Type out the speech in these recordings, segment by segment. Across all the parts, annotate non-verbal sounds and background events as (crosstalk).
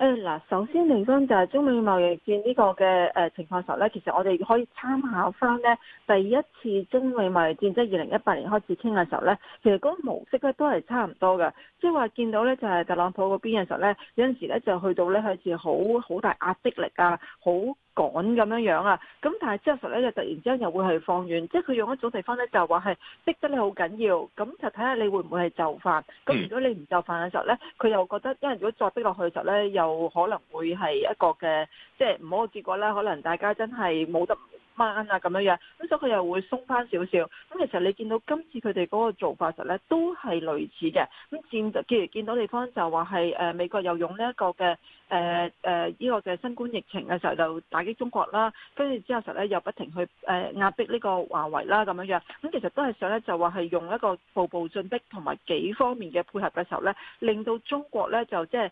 誒嗱，首先嚟講就係中美貿易戰呢個嘅誒情況時候咧，其實我哋可以參考翻咧第一次中美貿易戰，即係二零一八年開始傾嘅時候咧，其實嗰個模式咧都係差唔多嘅，即係話見到咧就係特朗普嗰邊嘅時候咧，有陣時咧就去到咧佢好似好好大壓迫力啊，好。趕咁、嗯、樣樣啊，咁但係真實咧，就突然之間又會係放軟，即係佢用一種地方咧，就話、是、係逼得你好緊要，咁就睇下你會唔會係就範。咁如果你唔就範嘅時候咧，佢又覺得，因為如果再逼落去嘅時候咧，又可能會係一個嘅，即係唔好嘅結果咧，可能大家真係冇得。翻啊咁樣樣，咁所以佢又會鬆翻少少。咁其實你見到今次佢哋嗰個做法實咧，都係類似嘅。咁見，既然見到地方就話係誒美國又用呢一個嘅誒誒呢個嘅新冠疫情嘅時候就打擊中國啦，跟住之後實咧又不停去誒壓迫呢個華為啦咁樣樣。咁其實都係想咧就話係用一個步步進逼同埋幾方面嘅配合嘅時候咧，令到中國咧就即係。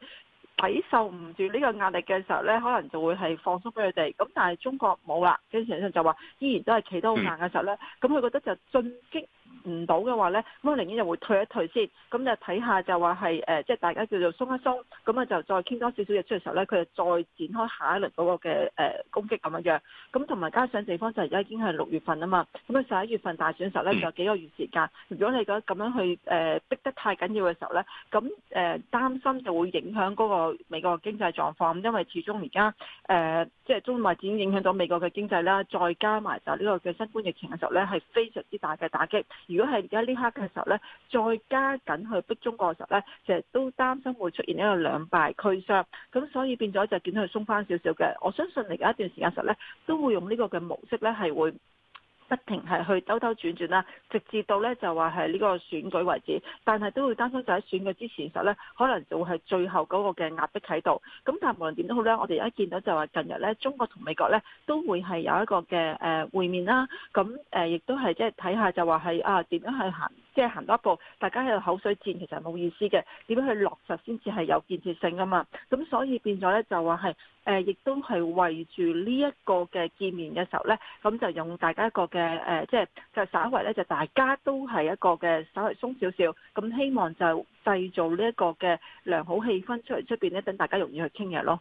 抵受唔住呢個壓力嘅時候呢，可能就會係放鬆俾佢哋。咁但係中國冇啦，跟住 (music) 就就話依然都係企得好硬嘅時候呢，咁佢覺得就進擊唔到嘅話呢，咁我寧願就會退一退先，咁就睇下就話係誒，即、呃、係大家叫做鬆一鬆，咁啊就再傾多少少嘢出嘅時候呢，佢就再展開下一輪嗰個嘅誒、呃、攻擊咁樣樣。咁同埋加上地方就而家已經係六月份啊嘛，咁啊十一月份大選實呢，就有幾個月時間。如果你覺得咁樣去誒、呃、逼得太緊要嘅時候呢，咁誒、呃、擔心就會影響嗰個美國經濟狀況，因為始終而家誒即係中美戰影響到美國嘅經濟啦，再加埋就呢個嘅新冠疫情嘅時候呢，係非常之大嘅打擊。如果係而家呢刻嘅時候咧，再加緊去逼中國嘅時候咧，其實都擔心會出現一個兩敗俱傷，咁所以變咗就見到佢鬆翻少少嘅。我相信嚟緊一段時間時候咧，都會用呢個嘅模式咧係會。不停係去兜兜轉轉啦，直至到呢就話係呢個選舉為止，但係都會擔心就喺選舉之前時候呢，可能就會係最後嗰個嘅壓迫喺度。咁但係無論點都好呢，我哋而家見到就話近日呢中國同美國呢都會係有一個嘅誒會面啦。咁誒亦都係即係睇下就話係啊點樣去行，即係行多一步，大家喺度口水戰其實冇意思嘅。點樣去落實先至係有建設性㗎嘛？咁所以變咗呢，就話係誒，亦都係圍住呢一個嘅見面嘅時候呢，咁就用大家一個嘅。嘅誒，即係就稍為咧，就大家都係一個嘅稍微鬆少少，咁希望就製造呢一個嘅良好氣氛出嚟出邊咧，等大家容易去傾嘢咯。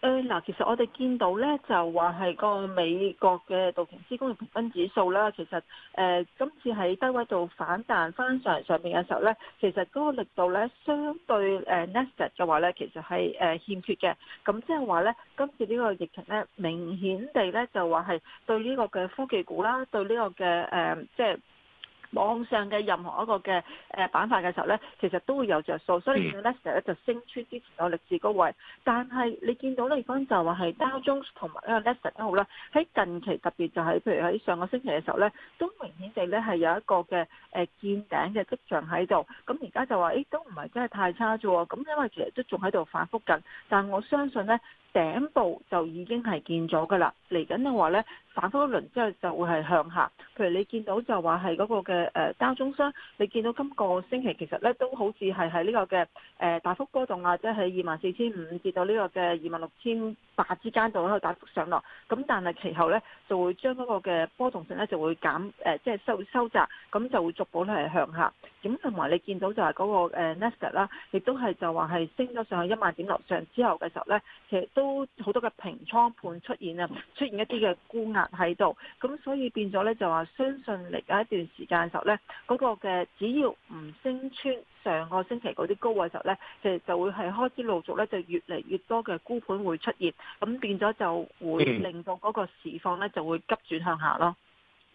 誒嗱、呃，其實我哋見到咧，就話係個美國嘅道瓊斯工業平均指數啦。其實誒、呃、今次喺低位度反彈翻上上面嘅時候咧，其實嗰個力度咧相對誒 Nestle 嘅話咧，其實係誒欠缺嘅。咁即係話咧，今次呢個疫情咧，明顯地咧就話係對呢個嘅科技股啦，對呢個嘅誒即係。呃就是網上嘅任何一個嘅誒板塊嘅時候呢，其實都會有着數，所以見、e、到呢成咧就升穿之前有歷史高位，但係你見到呢而家就話係歐中同埋呢個 Nasdaq 咧，喺近期特別就係、是、譬如喺上個星期嘅時候呢，都明顯地呢係有一個嘅誒見頂嘅跡象喺度，咁而家就話誒、欸、都唔係真係太差啫喎，咁因為其實都仲喺度反覆緊，但係我相信呢。頂部就已經係見咗噶啦，嚟緊嘅話呢，反覆一輪之後就會係向下。譬如你見到就話係嗰個嘅誒交中商，你見到今個星期其實呢都好似係喺呢個嘅誒大幅波動啊，即係二萬四千五至到呢個嘅二萬六千八之間度喺度大幅上落。咁但係其後呢就會將嗰個嘅波動性呢就會減誒，即係收收窄，咁就會逐步咧係向下。咁同埋你見到就係嗰個誒 Nasdaq 啦，亦都係就話係升咗上去一萬點樓上之後嘅時候咧，其實都好多嘅平倉盤出現啊，出現一啲嘅沽壓喺度，咁所以變咗咧就話相信嚟緊一段時間嘅時候咧，嗰、嗰個嘅只要唔升穿上個星期嗰啲高位嘅時候咧，其實就會係開始陸續咧就越嚟越多嘅沽盤會出現，咁變咗就會令到嗰個市況咧就會急轉向下咯。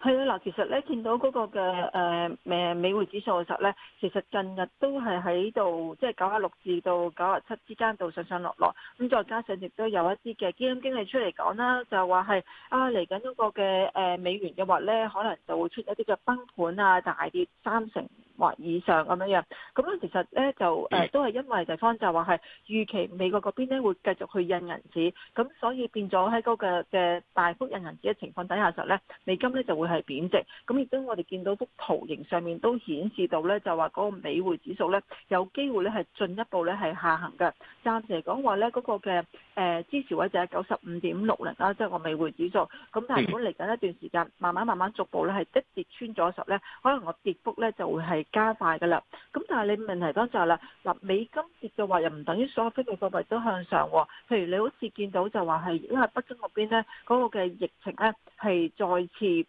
係啊，嗱，其實咧見到嗰個嘅誒誒美匯指數嘅時候咧，其實近日都係喺度即係九啊六至到九啊七之間度上上落落，咁再加上亦都有一啲嘅基金經理出嚟講啦，就話係啊嚟緊嗰個嘅誒、呃、美元嘅話咧，可能就會出一啲嘅崩盤啊，大跌三成。或以上咁樣樣，咁咧其實咧就誒都係因為地方就係話係預期美國嗰邊咧會繼續去印銀紙，咁所以變咗喺嗰個嘅大幅印銀紙嘅情況底下時候咧，美金咧就會係貶值，咁亦都我哋見到幅圖形上面都顯示到咧就話嗰個美匯指數咧有機會咧係進一步咧係下行嘅。暫時嚟講話咧嗰個嘅誒支持位就係九十五點六零啦，即係我美匯指數。咁但係如果嚟緊一段時間慢慢慢慢逐步咧係一跌穿咗時候咧，可能我跌幅咧就會係。加快嘅啦，咁但係你問題多就係、是、啦，嗱美金跌嘅話又唔等於所有非美貨幣都向上，譬如你好似見到就話係因為北京嗰邊呢嗰、那個嘅疫情呢，係再次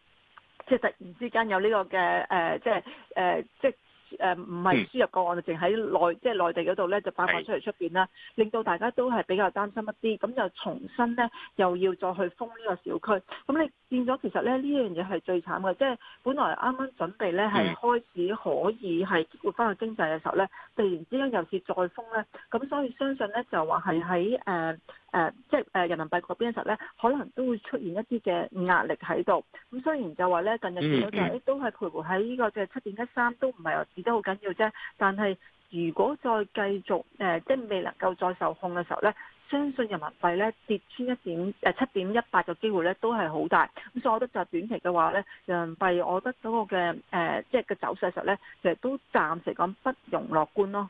即係突然之間有呢、這個嘅誒、呃、即係誒、呃、即係誒唔係輸入個案，淨喺內即係內地嗰度呢，就爆發出嚟出邊啦，令到大家都係比較擔心一啲，咁就重新呢，又要再去封呢個小區，咁你。變咗，其實咧呢樣嘢係最慘嘅，即係本來啱啱準備咧係開始可以係激活翻去經濟嘅時候咧，突然之間又是再封咧，咁所以相信咧就話係喺誒誒即係誒人民幣嗰邊嘅時候咧，可能都會出現一啲嘅壓力喺度。咁雖然就話咧近日見到就係都係徘徊喺呢個嘅七點一三，都唔係話跌得好緊要啫。但係如果再繼續誒、呃、即係未能夠再受控嘅時候咧，相信人民幣咧跌穿一點，誒七點一八嘅機會咧都係好大，咁所以我覺得就短期嘅話咧，人民幣，我覺得嗰、那個嘅誒，即係嘅走勢實咧，其實都暫時講不容樂觀咯。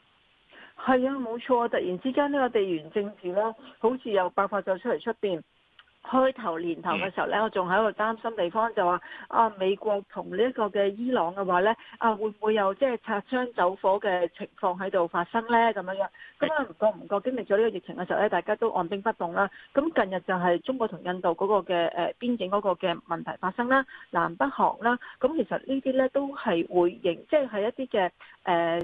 係啊，冇錯，突然之間呢個地緣政治呢，好似又爆發咗出嚟出邊。開頭年頭嘅時候呢，我仲喺度擔心地方就話啊，美國同呢一個嘅伊朗嘅話呢，啊，會唔會有即係擦槍走火嘅情況喺度發生呢？咁樣樣。咁啊，唔覺唔覺經歷咗呢個疫情嘅時候呢，大家都按兵不動啦。咁近日就係中國同印度嗰個嘅誒邊境嗰個嘅問題發生啦，南北韓啦。咁其實呢啲呢都係會影，即係係一啲嘅誒。呃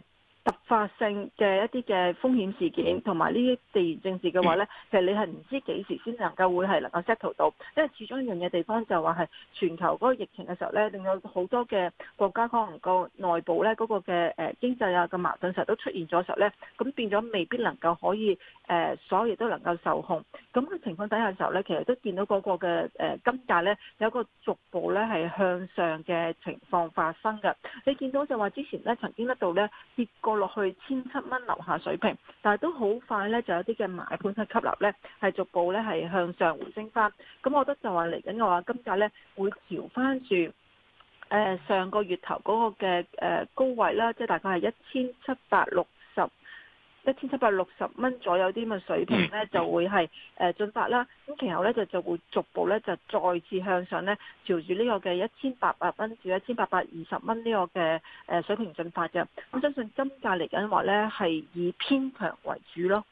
突發性嘅一啲嘅風險事件，同埋呢啲地緣政治嘅話咧，嗯、其實你係唔知幾時先能夠會係能夠 settle 到，因為始終一樣嘢地方就話係全球嗰個疫情嘅時候咧，令到好多嘅國家可能個內部咧嗰個嘅誒經濟啊嘅矛盾時都出現咗時候咧，咁變咗未必能夠可以誒、呃、所有嘢都能夠受控。咁、那、嘅、個、情況底下嘅時候咧，其實都見到嗰個嘅誒金價咧有一個逐步咧係向上嘅情況發生㗎。你見到就話之前咧曾經一度咧跌過。落去千七蚊樓下水平，但係都好快呢。就有啲嘅買盤去吸納呢，係逐步呢，係向上回升翻。咁我覺得就話嚟緊嘅話，金價呢會調翻住誒上個月頭嗰個嘅誒高位啦，即係大概係一千七百六。一千七百六十蚊左右啲咁嘅水平咧，嗯、就會係誒進發啦。咁、呃、其後咧就就會逐步咧就再次向上咧，朝住呢個嘅一千八百蚊至一千八百二十蚊呢個嘅誒水平進發嘅。咁相信金價嚟緊話咧係以偏強為主咯。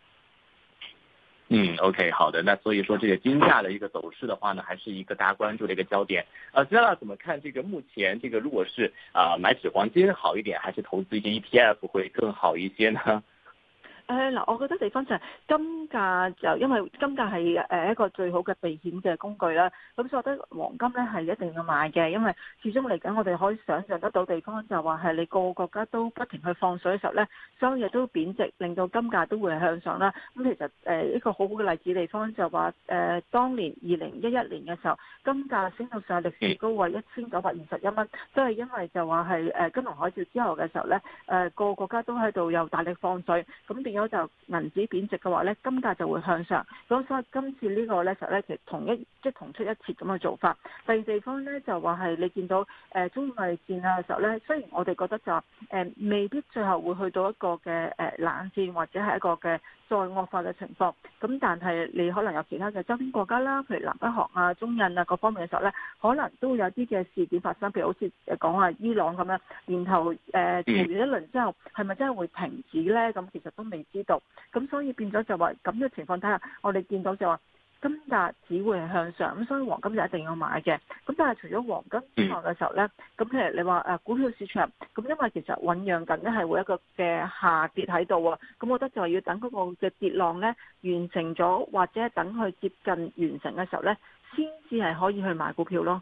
嗯，OK，好的。那所以說，這個金價嘅一個走勢的話呢，還是一個大家關注嘅一個焦點。阿 Sir，你點看？這個目前，這個如果是啊買紙黃金好一點，還是投資一啲 ETF 會更好一些呢？誒嗱，我覺得地方就係金價，就因為金價係誒一個最好嘅避險嘅工具啦。咁所以我覺得黃金咧係一定要買嘅，因為始終嚟緊我哋可以想象得到地方就話係你個個國家都不停去放水嘅時候咧，所有嘢都貶值，令到金價都會向上啦。咁其實誒一個好好嘅例子地方就話誒當年二零一一年嘅時候，金價升到上歷史高位一千九百二十一蚊，都係因為就話係誒金融海嘯之後嘅時候咧，誒個個國家都喺度又大力放水，咁有就銀紙貶值嘅話咧，金價就會向上。咁所以今次呢、呢個咧就咧，其實同一即係同出一轍咁嘅做法。第二地方咧就話係你見到誒中美戰啊嘅時候咧，雖然我哋覺得就誒未必最後會去到一個嘅誒冷戰或者係一個嘅再惡化嘅情況。咁但係你可能有其他嘅周邊國家啦，譬如南北韓啊、中印啊各方面嘅時候咧，可能都會有啲嘅事件發生，譬如好似講話伊朗咁樣。然後誒、呃、一輪之後，係咪真係會停止咧？咁其實都未知道，咁所以變咗就話咁嘅情況底下，我哋見到就話金價只會係向上，咁所以黃金就一定要買嘅。咁但係除咗黃金之外嘅時候咧，咁譬如你話誒股票市場，咁因為其實醞釀緊咧係會一個嘅下跌喺度啊，咁我覺得就係要等嗰個嘅跌浪咧完成咗，或者等佢接近完成嘅時候咧，先至係可以去買股票咯。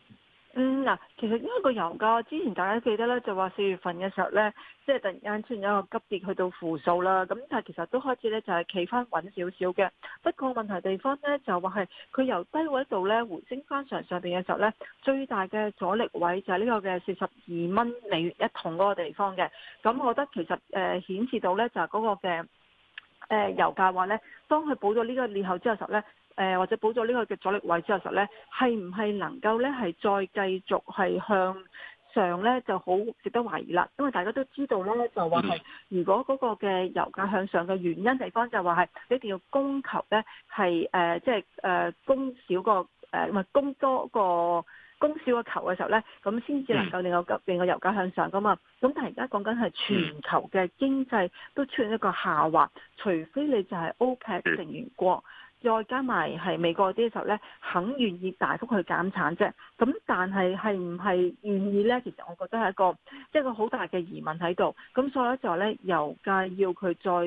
嗯嗱，其實呢個油價之前大家記得咧，就話四月份嘅時候咧，即係突然間出現一個急跌去到負數啦。咁但係其實都開始咧就係企翻穩少少嘅。不過問題地方咧就話係佢由低位度咧回升翻上上邊嘅時候咧，最大嘅阻力位就係呢個嘅四十二蚊美元一桶嗰個地方嘅。咁我覺得其實誒顯示到咧就係嗰個嘅誒油價話咧，當佢補咗呢個裂口之後時候咧。誒或者補咗呢個嘅阻力位之後嘅時候咧，係唔係能夠咧係再繼續係向上咧，就好值得懷疑啦。因為大家都知道咧，就話係如果嗰個嘅油價向上嘅原因地方就話係一定要供求咧係誒即係誒供少個誒唔係供多個，供少個求嘅時候咧，咁先至能夠令我令個油價向上噶嘛。咁但係而家講緊係全球嘅經濟都出現一個下滑，除非你就係 OPEC 成員國。嗯嗯再加埋係美國啲嘅時候咧，肯願意大幅去減產啫。咁但係係唔係願意咧？其實我覺得係一個即係個好大嘅疑問喺度。咁所以就係咧，油價要佢再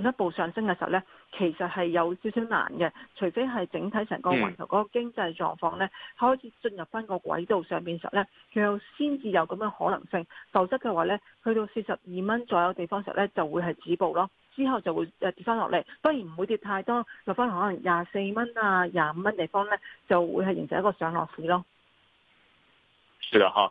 進一步上升嘅時候咧，其實係有少少難嘅。除非係整體成個環球嗰個經濟狀況咧開始進入翻個軌道上邊時候咧，佢又先至有咁嘅可能性。否則嘅話咧，去到四十二蚊左右地方時候咧，就會係止步咯。之後就會誒跌翻落嚟，當然唔會跌太多，落翻可能廿四蚊啊、廿五蚊地方呢，就會係形成一個上落市咯。是的哈。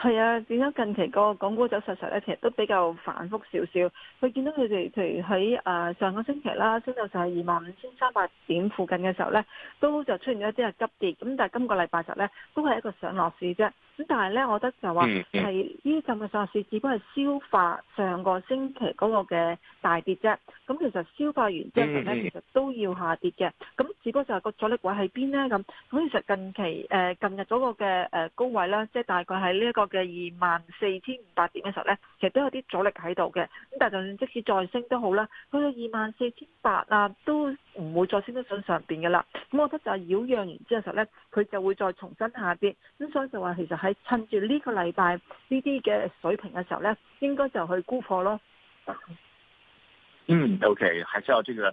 係啊，點解近期個港股走勢實咧，其實都比較反覆少少。佢見到佢哋，譬如喺誒上個星期啦，升到就係二萬五千三百點附近嘅時候咧，都就出現咗一啲係急跌。咁但係今個禮拜就咧，都係一個上落市啫。咁但係咧，我覺得就話係依陣嘅上市，只不過係消化上個星期嗰個嘅大跌啫。咁、嗯、其實消化完之後咧，嗯、其實都要下跌嘅。咁、嗯嗯、只不過就係個阻力位喺邊咧？咁其實近期誒、呃、近日嗰個嘅誒高位啦，即、就、係、是、大概喺呢一個嘅二萬四千五百點嘅時候咧，其實都有啲阻力喺度嘅。咁但係就算即使再升好 24, 800、啊、都好啦，去到二萬四千八啊都。.唔會再升得上上邊嘅啦，咁我覺得就係擾攘完之後咧，佢就會再重新下跌，咁所以就話其實喺趁住呢個禮拜呢啲嘅水平嘅時候咧，應該就去沽貨咯。嗯，OK，還是要這個。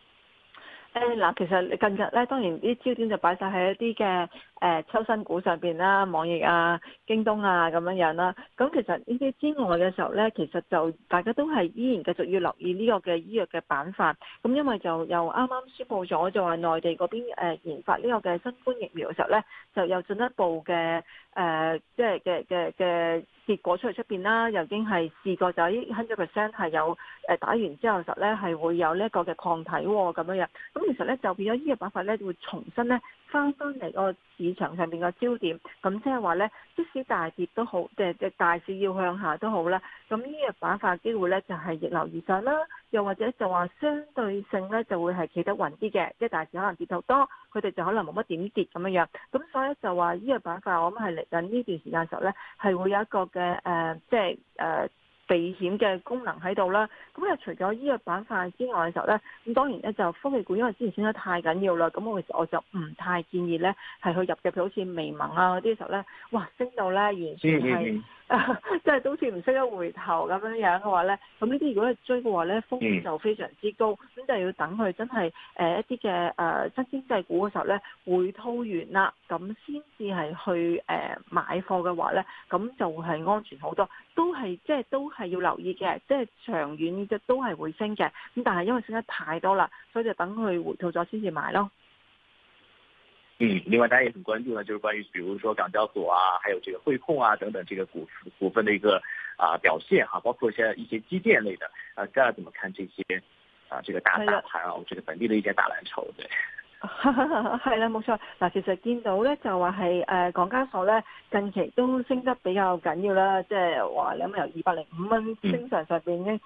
誒，嗱，其實近日咧，當然啲焦點就擺晒喺一啲嘅誒，抽新股上邊啦，網易啊、京東啊咁樣樣啦。咁、嗯、其實呢啲之外嘅時候咧，其實就大家都係依然繼續要留意呢個嘅醫藥嘅板塊。咁、嗯、因為就又啱啱宣布咗，就話內地嗰邊誒研發呢個嘅新冠疫苗嘅時候咧，就又進一步嘅誒、呃，即係嘅嘅嘅。結果出嚟，出邊啦，又已經係試過就喺 hundred percent 係有誒打完之後，實咧係會有呢一個嘅抗體咁、哦、樣樣，咁其實咧就變咗呢個辦法咧會重新咧。翻翻嚟個市場上面個焦點，咁即係話呢，即使大跌都好，即係即係大市要向下都好啦。咁呢個板塊機會呢，就係、是、逆流而上啦，又或者就話相對性呢，就會係企得穩啲嘅，即係大市可能跌就多，佢哋就可能冇乜點跌咁樣樣。咁所以就話呢個板塊，我諗係嚟緊呢段時間時候呢，係會有一個嘅誒、呃，即係誒。呃避險嘅功能喺度啦。咁咧除咗醫藥板塊之外嘅時候咧，咁當然咧就科技股，因為之前升得太緊要啦，咁我其實我就唔太建議咧係去入嘅票，好似微盟啊嗰啲時候咧，哇升到咧完全係。是是是是即係好似唔識得回頭咁樣樣嘅話呢。咁呢啲如果係追嘅話呢，風險就非常之高。咁就要等佢真係誒、呃、一啲嘅誒新經濟股嘅時候呢，回吐完啦，咁先至係去誒、呃、買貨嘅話呢，咁就係安全好多。都係即係都係要留意嘅，即係長遠嘅都係會升嘅。咁但係因為升得太多啦，所以就等佢回吐咗先至買咯。嗯，另外大家也很關注呢，就是關於，比如說港交所啊，還有這個匯控啊等等，這個股股份的一個啊表現哈、啊，包括現在一些基建類的，啊，大家怎麼看這些啊這個大藍籌的啊，我或者本地的一些大藍籌？對，係啦， (laughs) 冇錯。嗱，其實見到咧就話係誒港交所咧近期都升得比較緊要啦，即係話你諗由二百零五蚊升上上邊咧。嗯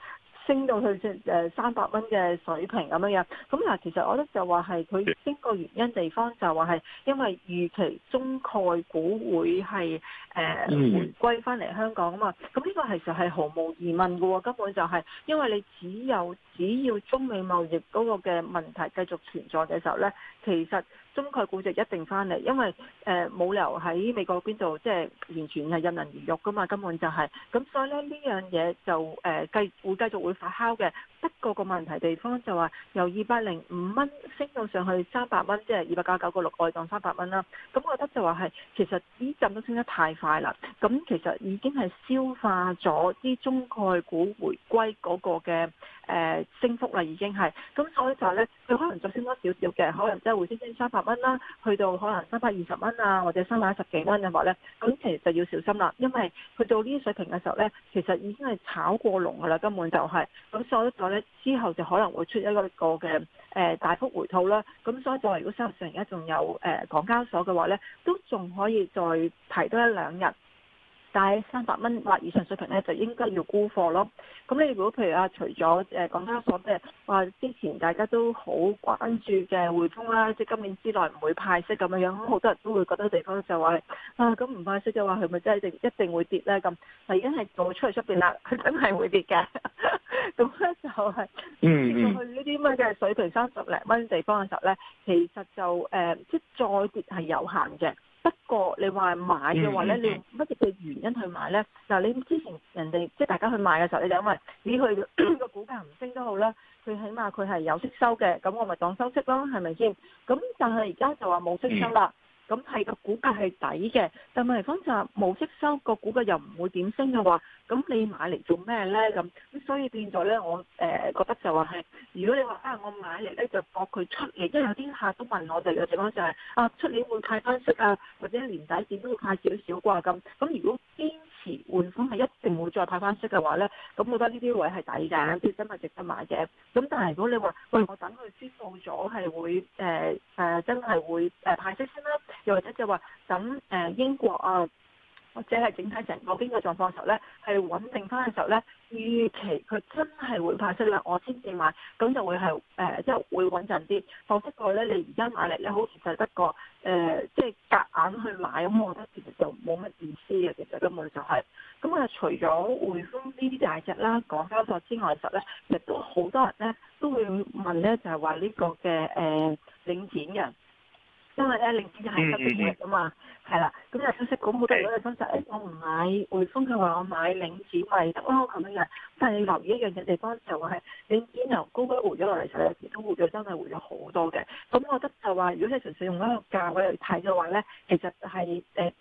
升到去只誒三百蚊嘅水平咁樣樣，咁嗱，其實我覺得就話係佢邊個原因地方就話係因為預期中概股會係誒回歸返嚟香港啊嘛，咁呢個其實係毫無疑問嘅喎，根本就係因為你只有只要中美貿易嗰個嘅問題繼續存在嘅時候咧，其實。中概股值一定翻嚟，因為誒冇留喺美國嗰邊度，即係完全係任人魚肉噶嘛，根本就係、是、咁所以咧呢樣嘢就誒、呃、繼會繼續會發酵嘅。一個個問題地方就話由二百零五蚊升到上去三百蚊，即係二百九十九個六外檔三百蚊啦。咁我覺得就話係其實依陣都升得太快啦。咁其實已經係消化咗啲中概股回歸嗰個嘅誒、呃、升幅啦，已經係。咁所以就咧，佢可能再升多少少嘅，可能即係回升升三百蚊啦，去到可能三百二十蚊啊，或者三百一十幾蚊嘅話咧，咁其實就要小心啦，因為去到呢啲水平嘅時候咧，其實已經係炒過龍噶啦，根本就係、是。咁所以之後就可能會出一個嘅誒大幅回吐啦，咁所以就如果三十上而家仲有誒港交所嘅話咧，都仲可以再提多一兩日。但係三百蚊或以上水平咧，就應該要沽貨咯。咁你如果譬如啊，除咗誒、呃、講咗嗰啲，話之前大家都好關注嘅匯豐啦，即係今年之內唔會派息咁樣樣，好多人都會覺得地方就話啊，咁唔派息嘅話，佢咪真係一定一定會跌咧？咁已因係做出去出面啦，佢真係會跌嘅。咁 (laughs) 咧就係、是、嗯嗯，去呢啲乜嘅水平三十零蚊地方嘅時候咧，其實就誒、呃，即係再跌係有限嘅。不過你話買嘅話呢，你用乜嘢嘅原因去買呢？嗱，你之前人哋即係大家去買嘅時候，你就因為你佢個股價唔升都好啦，佢起碼佢係有息收嘅，咁我咪當收息咯，係咪先？咁但係而家就話冇息收啦。咁係個股價係抵嘅，但問題方就係冇息收，個股價又唔會點升嘅話，咁你買嚟做咩咧？咁咁所以變咗咧，我誒、呃、覺得就話係，如果你話啊，我買嚟咧就搏佢出嚟，因為有啲客都問我哋嘅地方，就係、是、啊，出年會派翻息啊，或者年底點都會派少少啩咁，咁、嗯、如果先，換款係一定會再派翻息嘅話呢，咁我覺得呢啲位係抵嘅，即真係值得買嘅。咁但係如果你話，喂，我等佢宣佈咗係會誒誒、呃呃，真係會誒派息先啦，又或者就話，咁誒、呃、英國啊。或者係整體成個經濟狀況嘅時候咧，係穩定翻嘅時候咧，預期佢真係會派息咧，我先至買，咁就會係誒，即、呃、係、就是、會穩陣啲。否則嘅話咧，你而家買嚟咧，好似、呃、就係得個誒，即係夾硬去買，咁我覺得其實就冇乜意思嘅。其實根本就係、是、咁啊。除咗匯豐呢啲大隻啦、港交所之外嘅時候咧，亦都好多人咧都會問咧，就係話呢個嘅誒、呃、領展人。因為咧，領展就係得幾日嘛，係啦、嗯嗯嗯，咁有消息講好多，如果係消息咧，我唔買匯豐，佢話我買領展咪得？哦，咁樣樣，但係留意一樣嘅地方就係，領展由高高回咗落嚟，其實都回咗真係回咗好多嘅，咁、嗯、我覺得就話，如果你係純粹用一個價位嚟睇嘅話咧，其實係誒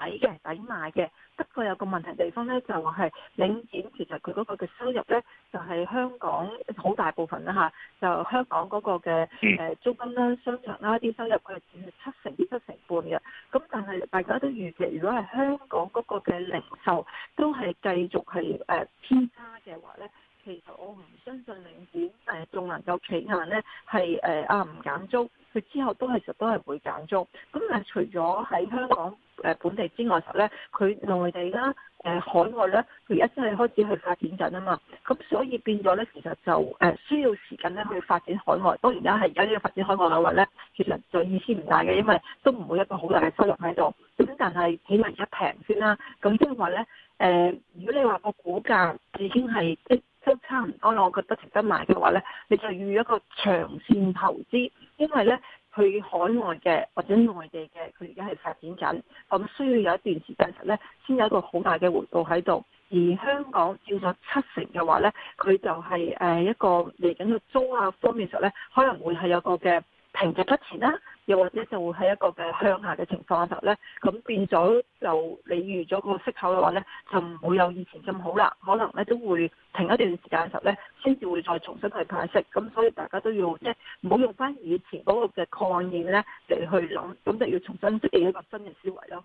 抵嘅，抵買嘅。不過有個問題地方咧，就係、是、領展其實佢嗰個嘅收入咧，就係、是、香港好大部分啦嚇，就香港嗰個嘅誒租金啦、商場啦啲收入，佢係佔係七成至七成半嘅。咁但係大家都預期，如果係香港嗰個嘅零售都係繼續係誒偏差嘅話咧，其實我唔相信領展誒仲能夠企硬咧，係誒阿唔減租。佢之後都係實都係會減租，咁但係除咗喺香港誒、呃、本地之外實咧，佢內地啦誒、呃、海外咧，佢而家真係開始去發展緊啊嘛，咁所以變咗咧，其實就誒、呃、需要時間咧去發展海外。當然啦，係而家呢個發展海外嘅話咧，其實就意思唔大嘅，因為都唔會一個好大嘅收入喺度。咁但係起碼而家平先啦，咁即係話咧誒，如果你話個股價已經係即。都差唔多啦，我覺得值得買嘅話咧，你就預一個長線投資，因為咧佢海外嘅或者內地嘅，佢而家係發展緊，咁需要有一段時間時候咧，先有一個好大嘅回報喺度。而香港照咗七成嘅話咧，佢就係誒一個嚟緊嘅租客、啊、方面時候咧，可能會係有個嘅停滯不前啦、啊。又或者就喺一個嘅向下嘅情況嘅時候咧，咁變咗就你預咗個息口嘅話咧，就唔會有以前咁好啦，可能咧都會停一段時間嘅時候咧，先至會再重新去解釋，咁所以大家都要即係唔好用翻以前嗰個嘅抗議咧嚟去諗，咁就要重新建立一個新嘅思維咯。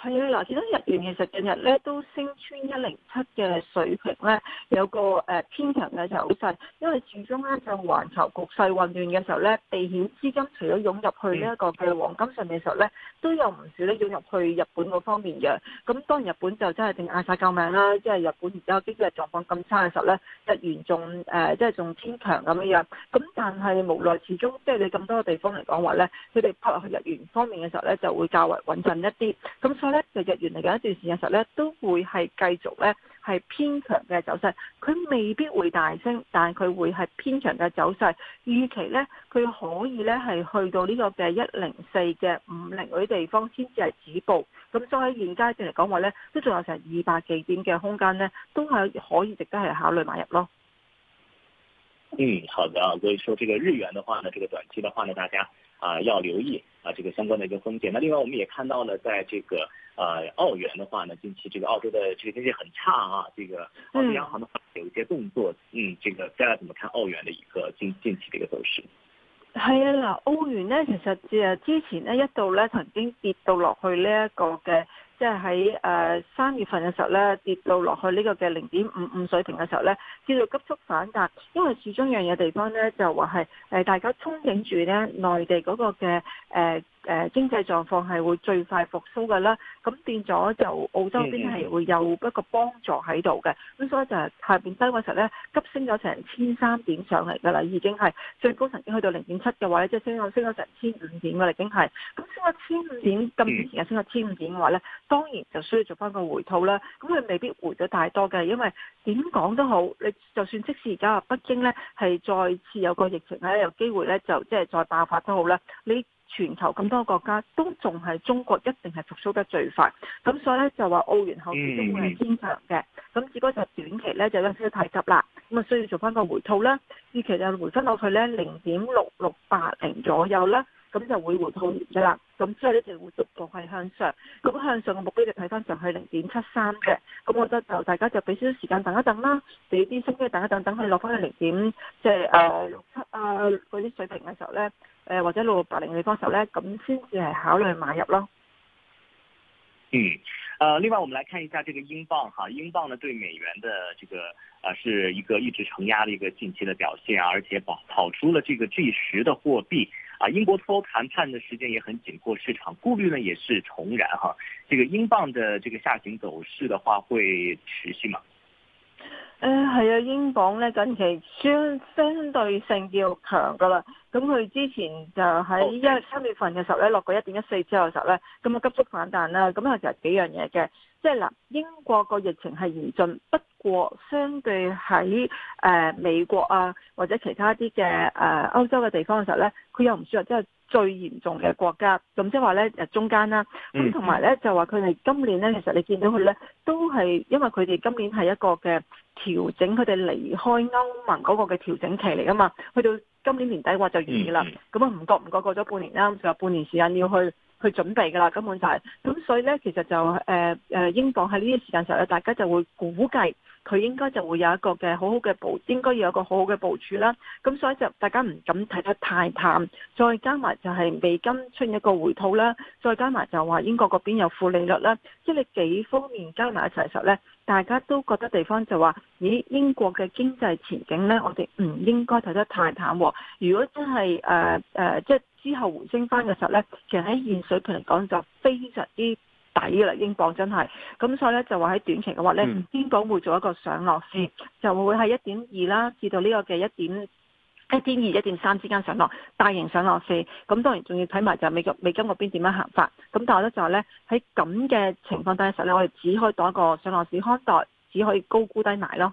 係啊，嗱，見到日元其實近日咧都升穿一零七嘅水平咧，有個誒偏強嘅走勢，因為始終咧就環球局勢混亂嘅時候咧，避險資金除咗湧入去呢一個嘅黃金上面嘅時候咧，都有唔少咧湧入去日本嗰方面嘅，咁當然日本就真係定嗌晒救命啦，即係日本而家經濟狀況咁差嘅時候咧，日元仲誒、呃、即係仲偏強咁樣樣，咁但係無奈始終即係你咁多個地方嚟講話咧，佢哋拍落去日元方面嘅時候咧，就會較為穩陣一啲，咁。日日元嚟嘅一段時間，實咧都會係繼續咧係偏強嘅走勢，佢未必會大升，但係佢會係偏強嘅走勢。預期咧，佢可以咧係去到呢個嘅一零四嘅五零嗰啲地方先至係止步。咁所以現階段嚟講話咧，都仲有成二百幾點嘅空間咧，都係可以值得係考慮買入咯。嗯，好的。我哋說，這個日元的話呢，這個短期的話呢，大家。啊，要留意啊，這個相關的一個風險。那另外，我們也看到了，在這個呃澳元的話呢，近期這個澳洲的這個經濟很差啊，這個澳洲央行的話有一些動作，嗯，這個再來怎麼看澳元的一個近近期的一個走勢？係、嗯、啊，嗱，澳元呢，其實就之前呢一度呢，曾經跌到落去呢一個嘅。即係喺誒三月份嘅時候咧，跌到落去呢個嘅零點五五水平嘅時候咧，叫做急速反彈，因為始終一樣嘢地方咧就話係誒大家憧憬住咧內地嗰個嘅誒。呃誒經濟狀況係會最快復甦㗎啦，咁變咗就澳洲邊係會有一個幫助喺度嘅，咁、嗯、所以就下邊低陣時咧急升咗成千三點上嚟㗎啦，已經係最高曾經去到零點七嘅話咧，即係升咗升咗成千五點㗎啦，已經係咁升咗千五點，咁之、嗯、前日升咗千五點嘅話咧，當然就需要做翻個回吐啦，咁佢未必回咗太多嘅，因為點講都好，你就算即使而家北京咧係再次有個疫情咧，有機會咧就即係再爆發都好啦，你。全球咁多國家都仲係中國一定係復甦得最快，咁所以咧就話澳元後市都會係偏強嘅。咁只不過就短期咧就有少少太急啦，咁啊需要做翻個回吐啦。短期就回翻落去咧零點六六八零左右啦，咁就會回吐完嘅啦。咁之後呢就會逐步係向上，咁向上嘅目標就睇翻上去零點七三嘅。咁我覺得就大家就俾少少時間等一等啦，俾啲升機等一等，等佢落翻去零點即係誒六七啊嗰啲水平嘅時候咧。誒或者六百零嘅時候咧，咁先至係考慮買入咯。嗯，呃，另外我們來看一下這個英鎊哈，英鎊呢對美元的這個，呃、啊，是一個一直承壓嘅一個近期嘅表現，啊，而且跑跑出了這個 G 十的貨幣啊。英國脫歐談判嘅時間也很緊迫，市場顧慮呢也是重燃哈。這個英鎊的這個下行走勢的話會持續嗎？誒，係啊，英鎊咧近期相相對性要強噶啦，咁佢之前就喺一、二、三月份嘅時候咧落過一點一四之後嘅時候咧，咁啊急速反彈啦，咁啊其實幾樣嘢嘅。即係嗱，英國個疫情係嚴峻，不過相對喺誒、呃、美國啊，或者其他啲嘅誒歐洲嘅地方嘅時候咧，佢又唔算話即係最嚴重嘅國家。咁即係話咧誒中間啦。咁同埋咧就話佢哋今年咧，其實你見到佢咧都係因為佢哋今年係一個嘅調整，佢哋離開歐盟嗰個嘅調整期嚟噶嘛。去到今年年底話就完嘅啦。咁啊唔覺唔覺過咗半年啦，仲有半年時間要去。去準備㗎啦，根本就係、是、咁，所以咧，其實就誒誒、呃呃，英鎊喺呢啲時間上咧，大家就會估計。佢應該就會有一個嘅好好嘅部，應該要有一個好好嘅部署啦。咁所以就大家唔敢睇得太淡，再加埋就係美金出現一個回吐啦，再加埋就話英國嗰邊有負利率啦。即你幾方面加埋一齊嘅時候呢，大家都覺得地方就話：咦，英國嘅經濟前景呢，我哋唔應該睇得太淡。如果真係誒誒，即係之後回升翻嘅時候呢，其實喺現水平嚟講就非常之抵啦，英鎊真係，咁、嗯嗯、所以咧就話喺短期嘅話咧，英鎊會做一個上落市，就會喺一點二啦，至到呢個嘅一點一點二、一點三之間上落，大型上落市。咁、嗯嗯、當然仲要睇埋就係美國、美金嗰邊點樣行法。咁但係咧就係咧喺咁嘅情況底下，咧我哋只可以當一個上落市看待，只可以高沽低買咯。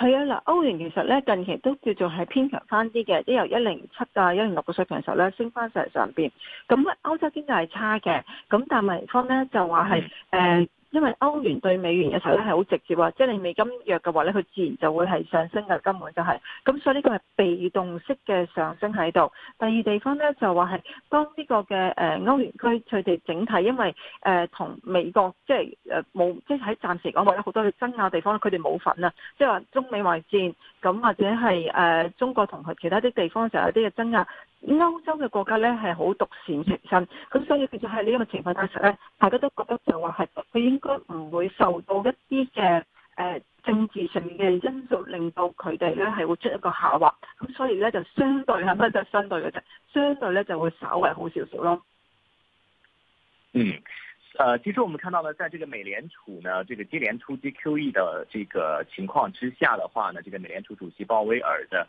係啊，嗱，歐元其實咧近期都叫做係偏強翻啲嘅，即由一零七啊一零六個水平嘅時候咧升翻上上邊。咁咧歐洲經濟係差嘅，咁但係方咧就話係誒。嗯呃因為歐元對美元嘅時候咧係好直接啊，即係你美金弱嘅話咧，佢自然就會係上升嘅根本就係、是，咁所以呢個係被動式嘅上升喺度。第二地方咧就話係當呢個嘅誒歐元區佢哋整體，因為誒同、呃、美國即係誒冇即係喺暫時講，有或者好多嘅爭拗地方佢哋冇份啊，即係話中美貿易戰咁或者係誒中國同佢其他啲地方就有啲嘅爭拗。歐洲嘅國家咧係好獨善其身，咁所以其實喺呢個情況底下咧，大家都覺得就話係佢應該唔會受到一啲嘅誒政治上嘅因素令到佢哋咧係會出一個下滑，咁所以咧就相對係乜就相對嘅啫，相對咧就會稍微好少少咯。嗯，誒、呃，其實我們看到呢，在這個美聯儲呢，這個接連出擊 QE 的這個情況之下的話呢，這個美聯儲主席鮑威爾的。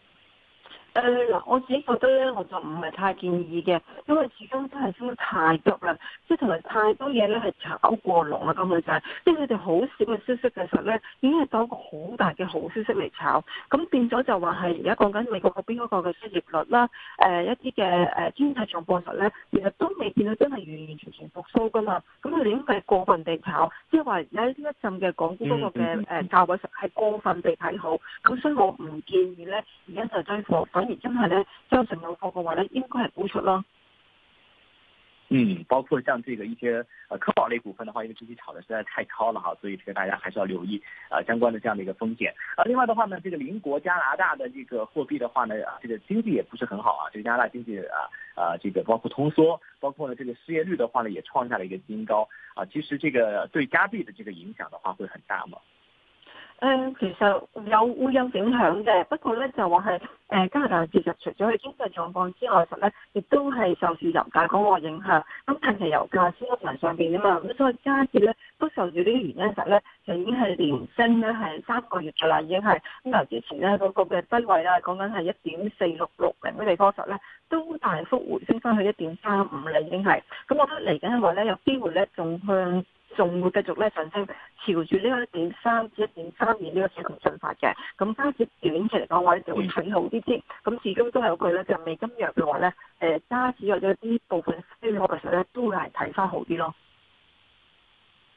誒嗱、呃，我自己覺得咧，我就唔係太建議嘅，因為始終真係升得太急啦，即係同埋太多嘢咧係炒過龍啦，根本就係、是，即係佢哋好少嘅消息嘅時候咧，已經係攞個好大嘅好消息嚟炒，咁變咗就話係而家講緊美國嗰邊嗰個嘅失業率啦，誒、呃、一啲嘅誒經濟狀況實咧，其、呃、實都未見到真係完完全全復甦噶嘛，咁佢哋因為過分地炒，即係話而家呢一陣嘅港股嗰個嘅誒價位實係過分地睇好，咁所以我唔建議咧，而家就追貨。咁而真係咧，周神有貨嘅話咧，應該係高出咯。嗯，包括像這個一些呃科保類股份的話，因為之前炒得實在太高了哈，所以這個大家還是要留意啊、呃、相關的這樣的一個風險。啊，另外的話呢，這個鄰國加拿大的這個貨幣的話呢，啊，這個經濟也不是很好啊，這個加拿大經濟啊啊，這個包括通縮，包括呢這個失業率的話呢，也創下了一個新高。啊，其實這個對加幣的這個影響的話會很大嘛。誒、嗯，其實有會有影響嘅，不過咧就話係誒加拿大其實除咗佢經濟狀況之外，實咧亦都係受住油價嗰個影響。咁近期油價先喺上邊啊嘛，咁所以加跌咧都受住呢啲原因實咧，就已經係連升咧係三個月噶啦，已經係咁頭之前咧嗰，那個嘅低位啦，講緊係一點四六六零嘅地方，實咧都大幅回升返去一點三五啦，已經係。咁我覺得嚟緊嘅話咧，有機會咧仲向。仲會繼續咧上升，朝住呢個一點三至一點三二呢個水平進發嘅。咁揸住短期嚟講，我哋就會睇好啲啲。咁始終都係嗰句咧，就美金弱嘅話咧，誒揸住或者啲部分 A 股嘅時候咧，都係睇翻好啲咯。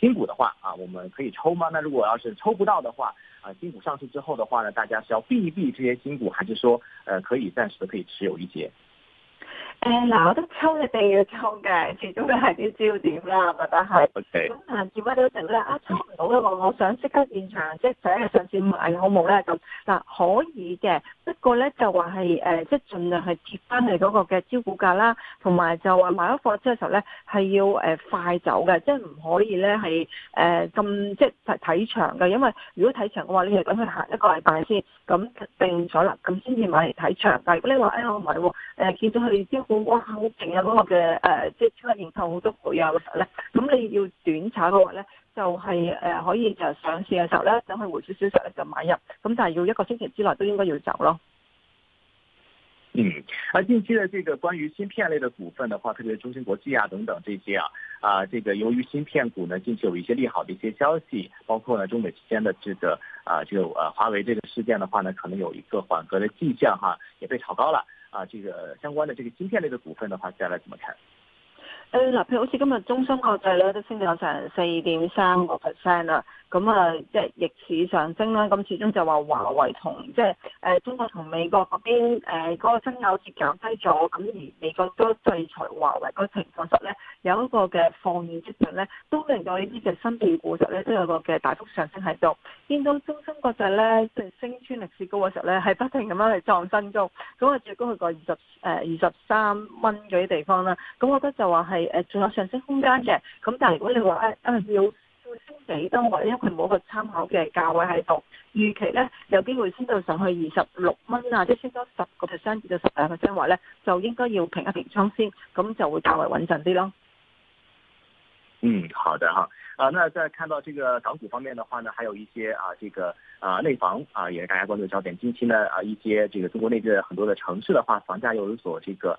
新股的話啊，我們可以抽嗎？那如果要是抽不到的話，啊，新股上市之後的話呢，大家是要避一避這些新股，還是說呃，可以暫時的可以持有一些？誒嗱、嗯啊，我都抽一定要抽嘅，始終都係啲焦點啦。但係咁嗱，見翻到成咧，啊抽唔到嘅話，我想即刻現場，即係第一日上市買好冇咧？咁嗱，可以嘅，不過咧就話係誒，即係盡量係貼翻嚟嗰個嘅招股價啦，同埋就話買咗貨之後咧係要誒、呃、快走嘅，即係唔可以咧係誒咁即係睇長嘅，因為如果睇長嘅話，你其實等佢行一個禮拜先咁定咗啦，咁先至買嚟睇長。但係如果你話誒、哎呃、我唔係喎，誒、呃、見、呃、到佢招股我淨有嗰嘅誒，即係超額認購好多股嘅時候咧，咁你要短炒嘅話咧，就係、是、誒、呃、可以就上市嘅時候咧，等佢回出少少嚟就買入，咁但係要一個星期之內都應該要走咯。嗯，啊，近期咧，這個關於芯片類嘅股份嘅話，特別中芯國際啊等等這些啊，啊，這個由於芯片股呢近期有一些利好的一些消息，包括呢中美之間嘅這個啊，這個、啊、華為這個事件嘅話呢，可能有一個緩和嘅跡象哈、啊，也被炒高啦。啊，這個相關的這個芯片類的股份的話，接下來怎麼看？誒嗱，譬如好似今日中心國際咧，都升咗成四點三個 percent 啦，咁啊，即係逆市上升啦。咁始終就話華為同即係誒、呃、中國同美國嗰邊誒嗰、呃那個親友節降低咗，咁而美國都制裁華為個情況下咧，有一個嘅放量跡象咧，都令到呢啲嘅新變估事咧都有個嘅大幅上升喺度。見到中芯國際咧，即係升穿歷史高嘅時候咧，係不停咁樣去創新高，咁啊最高去過二十誒二十三蚊嗰啲地方啦。咁我覺得就話係。係誒，仲、呃、有上升空間嘅，咁但係如果你話誒誒要升幾多或者因為冇一個參考嘅價位喺度，預期咧有機會升到上去二十六蚊啊，即升多十個 percent 至到十兩個 percent 話，咧，就應該要平一平倉先，咁就會較為穩陣啲咯。嗯，好的哈，啊，那再看到這個港股方面的話呢，還有一些啊，這個啊內房啊，也是大家關注焦點。近期呢啊，一些這個中國內地很多的城市的話，房價又有所這個。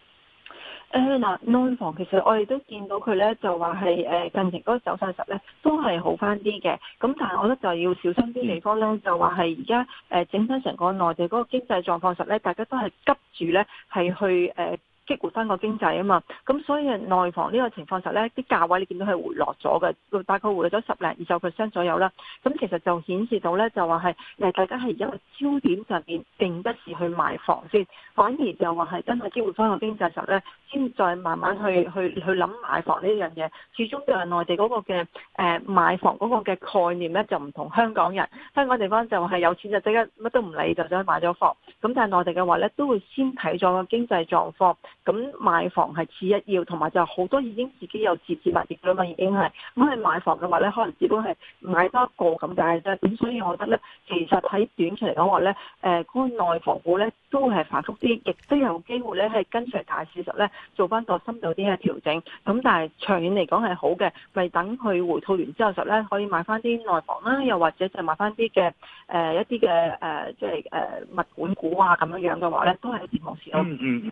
誒嗱，內房其實我哋都見到佢咧，就話係誒近期嗰個走勢實咧，都係好翻啲嘅。咁但係我覺得就要小心啲地方咧，就話係而家誒整體成個內地嗰個經濟狀況實咧，大家都係急住咧係去誒。呃激活翻個經濟啊嘛，咁所以內房呢個情況時咧，啲價位你見到係回落咗嘅，大概回落咗十零二十 percent 左右啦。咁其實就顯示到咧，就話係誒，大家係一個焦點上邊，並不是去買房先，反而就話係真係激活翻個經濟嘅時候咧，先再慢慢去去去諗買房呢樣嘢。始終就係內地嗰個嘅誒，買房嗰個嘅概念咧，就唔同香港人。香港地方就係有錢就即刻乜都唔理就走去買咗房，咁但係內地嘅話咧，都會先睇咗個經濟狀況。咁買房係次一要，同埋就好多已經自己有自置物業啦嘛，已經係咁去買房嘅話咧，可能只不過係買多一個咁解啫。咁所以，我覺得咧，其實喺短期嚟講話咧，誒，內房股咧都係反覆啲，亦都有機會咧係跟隨大市，實咧做翻個深度啲嘅調整。咁但係長遠嚟講係好嘅，咪等佢回套完之後實咧，可以買翻啲內房啦，又或者就買翻啲嘅誒一啲嘅誒即係誒物管股啊咁樣樣嘅話咧，都係啲好市咯。嗯嗯。